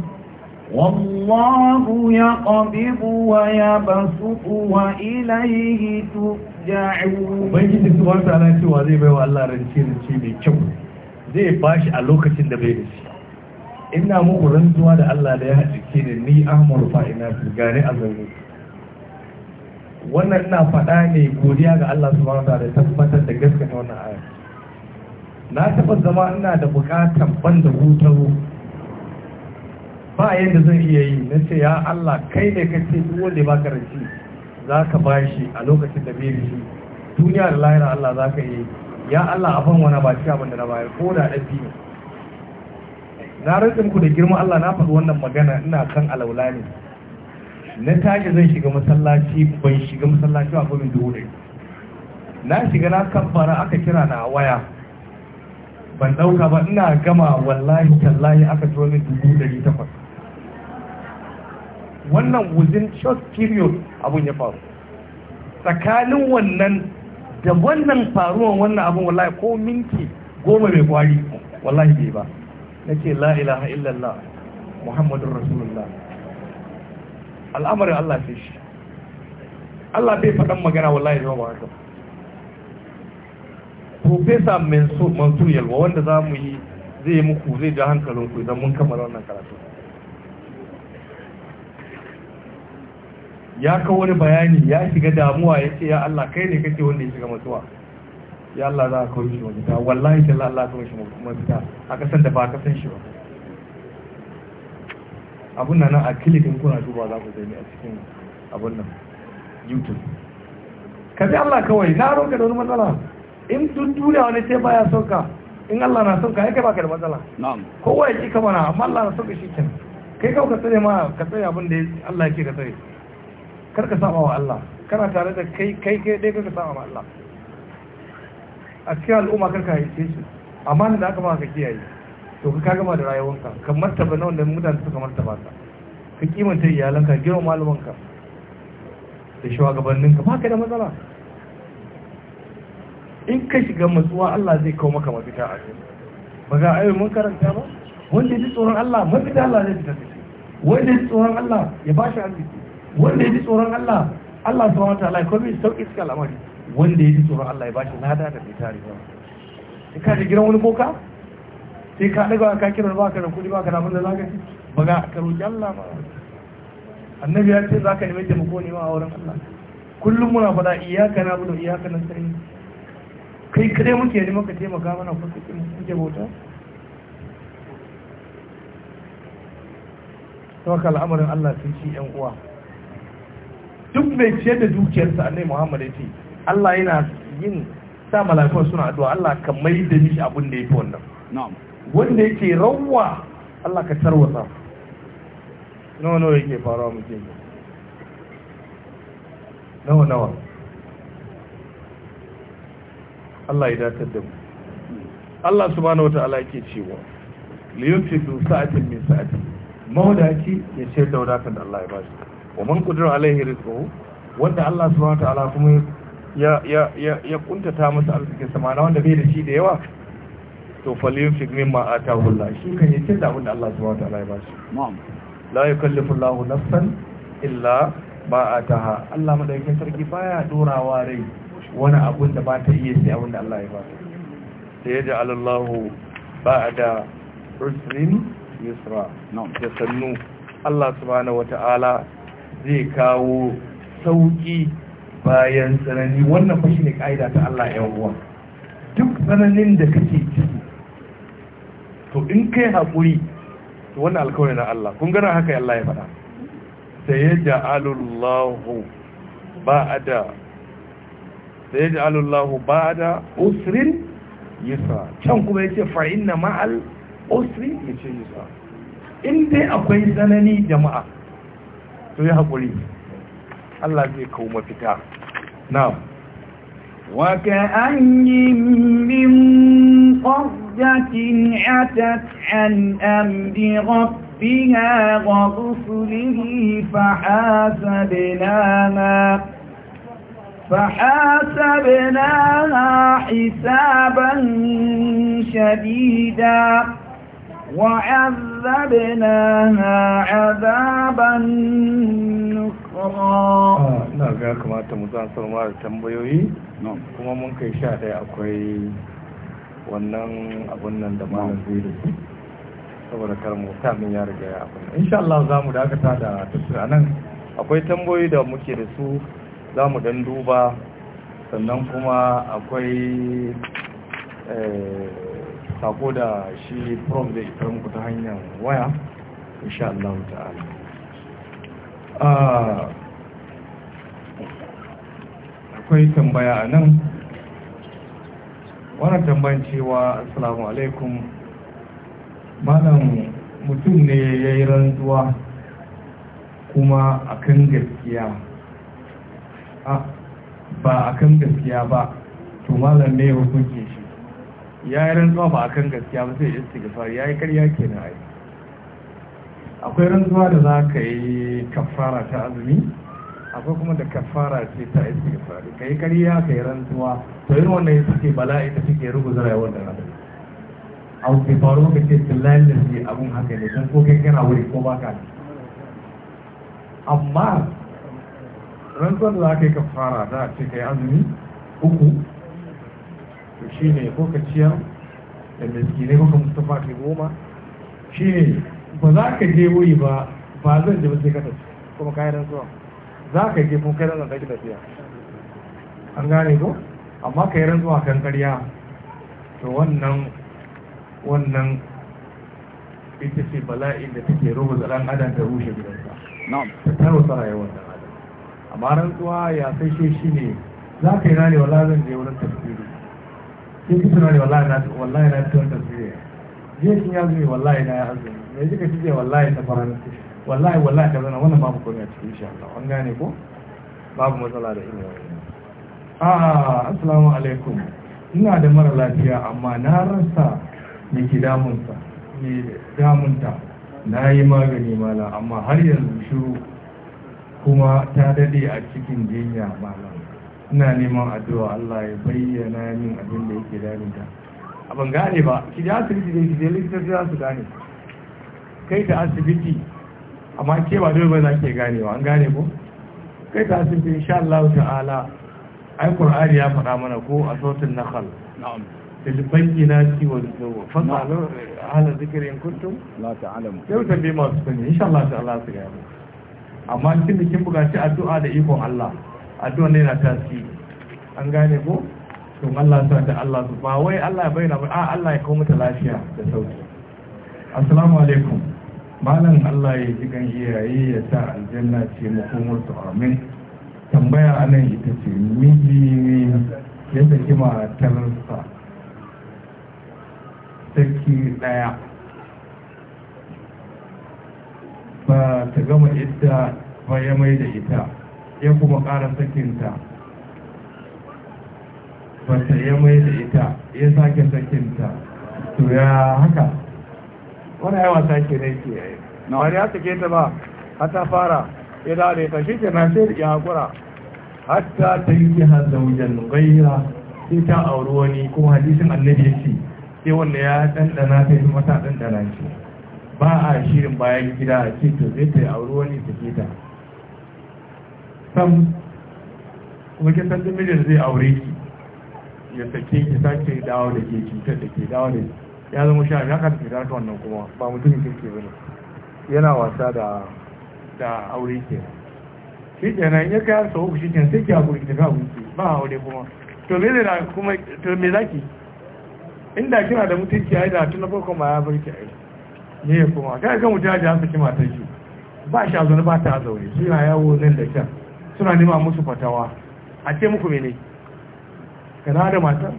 والله يقبض ويبسط وإليه ترجعون cewa zai baiwa Allah mai kyau zai bashi a lokacin da bai da shi ina muku rantsuwa da Allah da ya halicce ni ni Ahmad fa ina gane a wannan ina faɗa ne godiya ga Allah subhanahu wataala da tabbatar da gaskata wannan aya na taɓa zama ina da buƙatar ban da hutaro ba yadda zan iya yi na ce ya Allah kai ne kace duk wanda ba ka rashi za ka ba shi a lokacin da bai shi? duniya da lahira Allah za ka yi ya Allah abin wani ba shi abin da na bayar ko da ɗafi ne na rantsa muku da girma Allah na faɗi wannan magana ina kan alaula ne na tashi zan shiga masallaci ban shiga masallaci a gomin da ɗari na shiga na kabbara aka kira na waya ban ɗauka ba ina gama wallahi tallahi aka tuwa min dubu ɗari takwas wannan within short period abun ya faru tsakanin wannan da wannan faruwan wannan abun wallahi ko minti goma mai kwari wallahi bai ba na ce la ilaha illallah muhammadun rasulullah al'amarin Allah sai shi Allah bai faɗan magana wallahi zama ba haka Profesa Mansur Yalwa wanda za mu yi zai yi muku zai ja hankalin ku idan mun kammala wannan karatu ya kawo wani bayani ya shiga damuwa ya ce ya Allah kai ne kake wanda ya shiga mutuwa ya Allah za a kawo shi mafita wallahi shi Allah kawo shi mafita a kasan da ba a san shi ba abun nan a click din kuna duba za ku zai a cikin abun nan youtube ka bi Allah kawai na roƙa da wani matsala in duk duniya wani sai baya son ka in Allah na son ka ai kai baka da matsala kowa ya ci ka mana amma Allah na son ka shikenan kai kawai ka tsaye ma ka tsaye abin da Allah yake ka tsaye kar ka saba wa Allah kana tare da kai kai kai dai ka saba wa Allah a cikin al'umma kar ka haife su amma da aka ba ka kiyaye to ka gama da rayuwarka ka martaba na wanda mutane suka martaba ka ka kimanta iyalanka girma malamanka da shugabanninka ba ka da matsala in ka shiga matsuwa Allah zai kawo maka mafita a cikin ba ga ayoyin mun karanta ba wanda ya ji tsoron Allah mafita Allah zai fita ciki wanda ya ji tsoron Allah ya ba shi arziki wanda ya ji tsoron Allah Allah wata Allah ya mai sauƙi suka al'amari wanda ya ji tsoron Allah ya ba shi nada da fitari ba ka ji girman wani boka sai ka daga ka kira ba ka da kudi ba ka da abin da zaka ci ba ga ka roki Allah ba annabi ya ce zaka nemi taimako ne ma a wurin Allah kullum muna faɗa iyaka na bude iyaka na sai kai kadai muke neman ka taimaka mana ko kake kuke bauta to waka al'amarin Allah sun ci yan uwa duk mai ciyar da dukiyarsa annai Muhammad ya ce Allah yana yin sa malakun suna addu'a Allah kan mai da mishi abin da ya fi wannan na'am wanda yake rawa Allah ka tarwata nawa nawa yake faruwa mutum nawa nawa Allah ya datar da mu Allah subhanahu wata'ala yake cewa liyunfidu sa'atin min sa'ati mawdaci ya ce da wadatar da Allah ya bashi wa man qadara alaihi rizquhu wanda Allah subhanahu wata'ala kuma ya ya ya kuntata masa arzikin sama na wanda bai da shi da yawa to falin figmin ma a tahulla shi kan yi ce da abin da Allah subhanahu ta'ala ya ba shi la yukallifu Allahu nafsan illa ma ataha Allah madaukakin sarki baya dorawa rai wani abun da ba ta iya sai abin da Allah ya ba ta sai ya ja'ala Allahu ba'da usrin yusra da sannu Allah subhanahu wata'ala zai kawo sauki bayan tsanani wannan fashi ne ka'ida ta Allah ya uwa duk tsananin da kake ciki to in kai haƙuri to wannan alkawari na Allah kun gana haka Allah ya faɗa sai ya ja'alullahu ba'ada sai ya ja'alullahu ba'ada usrin yusra can kuma yace fa inna ma'al usri yace yusra in dai akwai tsanani jama'a to ya haƙuri Allah zai kawo mafita na. wa ka'ayyin min qarr مرضة عتت عن أمر ربها ورسله فحاسبناها فحاسبناها حسابا شديدا وعذبناها عذابا نكرا na ga kamata mu zan sarma da tambayoyi kuma mun kai sha ɗaya akwai wannan abun nan da malam zai saboda karmu kamin ya riga ya abun insha Allah za mu dakata da tafsir nan akwai tambayoyi da muke da su za mu dan duba sannan kuma akwai eh, sako da shi prof zai isar ku ta hanyar waya insha Allah ta'ala ah, akwai tambaya a nan wannan tambayin cewa assalamu alaikum malam mutum ne ya yi rantsuwa kuma akan gaskiya ba akan gaskiya ba to malam ne hukunce shi ya yi rantsuwa ba akan gaskiya ba sai istighfar ya yi karya kenan ai akwai rantsuwa da za ka yi kafara ta azumi akwai kuma da kafara ce ta istighfari kai kariya kai rantsuwa to irin wannan ya suke bala'i da suke zara yawan da nan au ke faru maka ce tilayen da suke abun haka ne don ko kai kana wuri ko baka ne amma rantsuwar da za yi kafara da ce kai azumi uku to shi ne ko ka ciyar da miskinai ko ka mustafa ke goma shi ne ba za ka je wuri ba ba zan je ba sai ka tafi kuma yi rantsuwa za ka je ko kai da ki tafiya an gane ko amma yi rantsuwa kan karya to wannan wannan ita ce bala'in da take rubuta ran adam da rushe gidansa na'am ta tarwata rayuwar dan adam amma rantsuwa ya sai shi ne za ka yi rane wala zan je wurin tafsiri sai ki suna ne wallahi na wallahi na tafsiri je kin ya zumi wallahi na ya azumi me kika ce wallahi ta faransa wallahi wallahi ka zana wannan babu komai a cikin insha Allah an gane ko babu matsala da irin wani ah assalamu alaikum ina da mara lafiya amma na rasa ni ke damunsa ni damunta na yi magani mala amma har yanzu shiru kuma ta dade a cikin jinya mala ina neman addu'a Allah ya bayyana min abin da yake damunta a ban gane ba ki je asibiti dai ki je likita za su gane kai ta asibiti amma ke ba dole za ke gane ganewa an gane ko kai ta asibi insha Allah ta'ala ai Qur'ani ya faɗa mana ko a sautin nakhal na'am fil ci wal zuwa fasalu ala zikrin kuntum la ta'lamu yau tambaye masu sani insha Allah ta'ala su ga amma kin da kin buƙaci addu'a da ikon Allah addu'a ne na tasiri an gane ko to Allah sa da Allah su ba wai Allah ya bayyana ba a Allah ya kawo mata lafiya da sauki assalamu alaikum malam Allah ya ji kan iyaye ya sa aljanna ce makomar su amin tambaya anan ita ce miji ne ya saki matarsa saki daya ba ta gama ita ba ya mai da ita ya kuma ƙara sakinta ba ta ya mai da ita ya sake sakinta to ya haka wani ai wasa ke ne ke yayi ba ya take ta ba hata ta fara ya da dai, ta shike na sai ya hakura hatta ta yi ha zaujan gaira sai ta auri wani kuma hadisin annabi ya ce sai wanda ya dandana ta yi mata dandana ce ba a shirin bayan gida a ce to zai ta yi auri wani ta ke ta sam kuma ke san mijin zai aure ki ya sake ki sake dawo da ke cutar da ke dawo da ke ya zama sha ya kasa shiga harkar wannan kuma ba mutumin kirki ba ne yana wasa da da aure ke shi kenan ya kayar sau uku shi ke sai ki haƙuri ki tafi abinci ba aure kuma to me da kuma to me zaki inda kina da mutunci ai da tun na farkon ma ya bar ki ai ne ya kuma kai ga mutum ya saki matar shi ba shi a zaune ba ta zaune suna yawo nan da can suna nema musu fatawa a ce muku mene kana da matar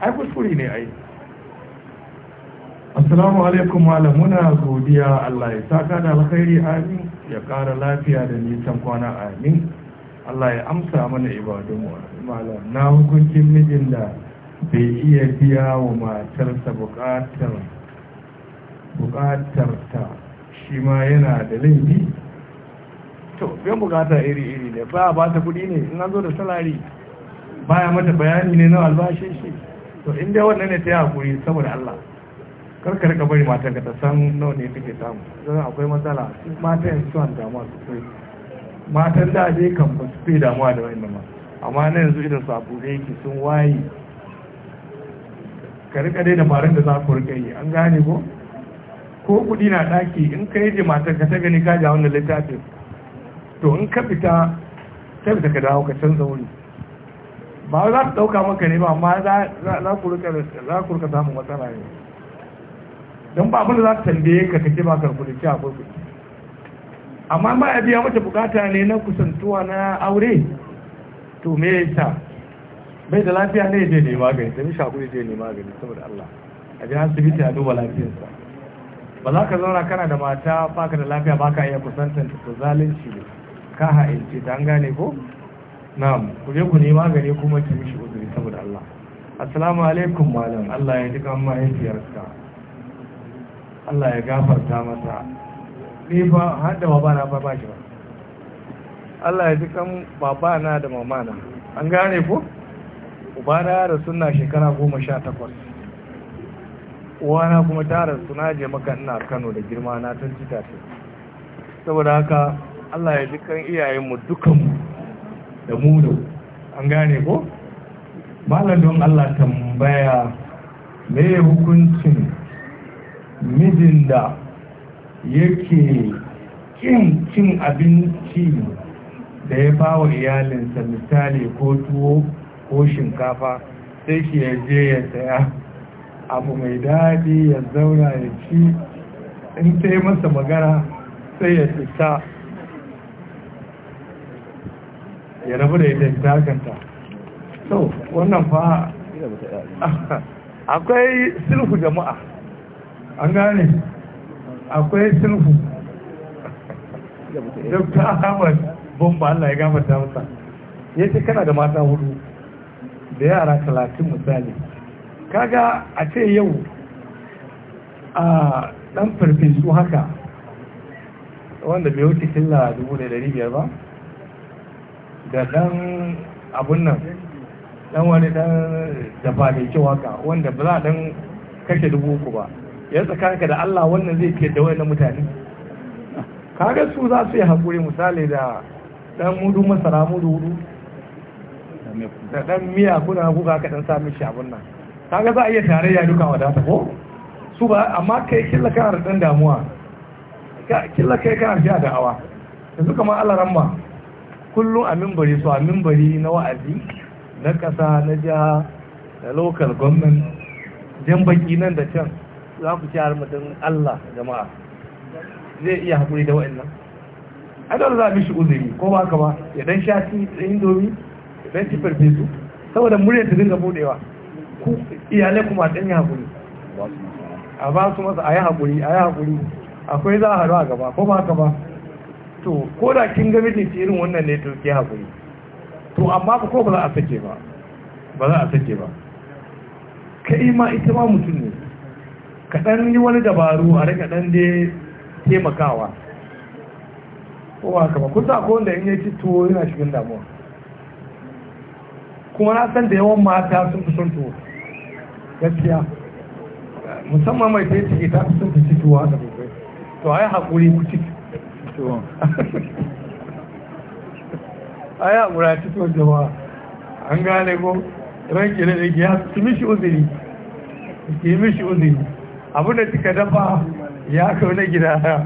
ai kuskure ne ai assalamu alaikum malam muna godiya Allah ya saka da alkhairi amin ya kara lafiya da nisan kwana amin Allah ya amsa mana ibadunmu malam na hukuncin mijin da bai iya biya wa matarsa bukatar ta, shi ma yana da laifi to ban bukata iri-iri ne ba ba ta kudi ne in an zo da salari baya mata bayani ne na albashin shi to in dai wannan ne ta yi hakuri saboda Allah karkar ka bari matan ka ta san nawa ne kake samu don akwai matsala matan yanzu suna damuwa sosai matan da dai kan ba su fi damuwa da wani ma amma na yanzu idan su abu yake sun waye ka rika dai dabarun da za ku rika yi an gane ko ko kuɗi na ɗaki in ka yi matan ka ta gani ka ja wannan littafin to in ka fita ta fita ka dawo ka canza wuri ba za ta ɗauka maka ne ba amma za ku rika samun matsala ne don ba abin da za ta tambaye ka kake ba karkulici a kurkuci amma ba ya biya mata bukata ne na kusantuwa na aure to me ya sa bai da lafiya ne je ne magani da misha kuri je ne magani saboda Allah a ji asibiti a duba lafiyarsa ba za ka zauna kana da mata baka da lafiya baka iya kusantanta to zalunci ne ka ha'ince ta an gane ko na'am ku je ku nema gare kuma ki mishi uzuri saboda Allah assalamu alaikum malam Allah ya duka mahaifiyarka Allah ya gafarta mata ni ba har da babana ba ba ki ba Allah ya duka babana da mamana an gane ko ubana da suna shekara goma sha takwas uwana kuma tara suna je maka ina kano da girma na tun cita ce saboda haka Allah ya ji kan iyayenmu dukanmu da mudu an gane ko malam don Allah tambaya me hukuncin mijin da yake kin cin abinci da ya bawa iyalinsa misali ko tuwo ko shinkafa sai shi ya je ya saya abu mai daɗi ya zauna ya ci in sai masa magana sai ya fita ya rabu da ita ta hakanta so wannan fa akwai sulhu jama'a an gane akwai sulhu dr ahmad bomba allah ya gama ta masa ya ce kana da mata hudu da yara talatin misali kaga a ce yau a dan farfesu haka wanda bai wuce killa 1500 ba da dan abun nan dan wani dan ba mai kyau haka wanda ba za a dan kashe dubu uku ba ya tsakanka da Allah wannan zai ke da wayannan mutane kaga su za su yi hakuri misali da dan mudu masara mudu hudu da dan miya kuna kuka ka dan sami shi abun nan kaga za a iya tarayya duka wadata ko su ba amma kai killa kana da dan damuwa killa kai kana da da'awa yanzu kamar Allah ramma kullum a mimbari su a mimbari na wa'azi na ƙasa na jiha da local government jan baki nan da can za ku ci mutum Allah jama'a zai iya haƙuri da wa'annan a dole za a mishi uzuri ko ba ka ba ya dan sha ci domi ya dan ci farfesu saboda murya ta dinga budewa ku iyalai kuma a ya haƙuri a ba su masa a yi haƙuri a yi haƙuri akwai za a haɗu a gaba ko ba ka ba to ko da kin ga mijinki irin wannan ne to ke haƙuri to amma ba ko ba za a sake ba ba za a sake ba kai ma ita ma mutum ne ka ɗan yi wani dabaru a rika ɗan dai taimakawa ko ba ka ba kun sa ko wanda in yi tuwo yana cikin damuwa kuma na san da yawan mata sun fi son tuwo gaskiya musamman mai ta yi ciki ta fi son ta ci tuwo haka to a yi haƙuri ku ci tuwon a ya ƙura tuwon jama'a an gane ko ranke da ɗage ya su mishi uzuri ki mishi uzuri abu da kika dafa ya kau na gida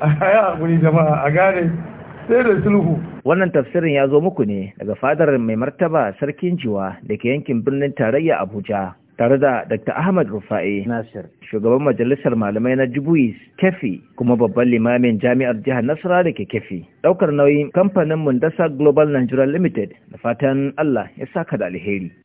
a ya ƙuri jama'a a gane sai da sulhu wannan tafsirin ya zo muku ne daga fadar mai martaba sarkin jiwa da ke yankin birnin tarayya abuja tare da Dr. Ahmad Rufai Nasir shugaban majalisar malamai na Jubuis Kefi kuma babban limamin jami'ar jihar Nasara da ke Kefi daukar nauyin kamfanin Mundasa Global Nigeria Limited da fatan Allah ya saka da alheri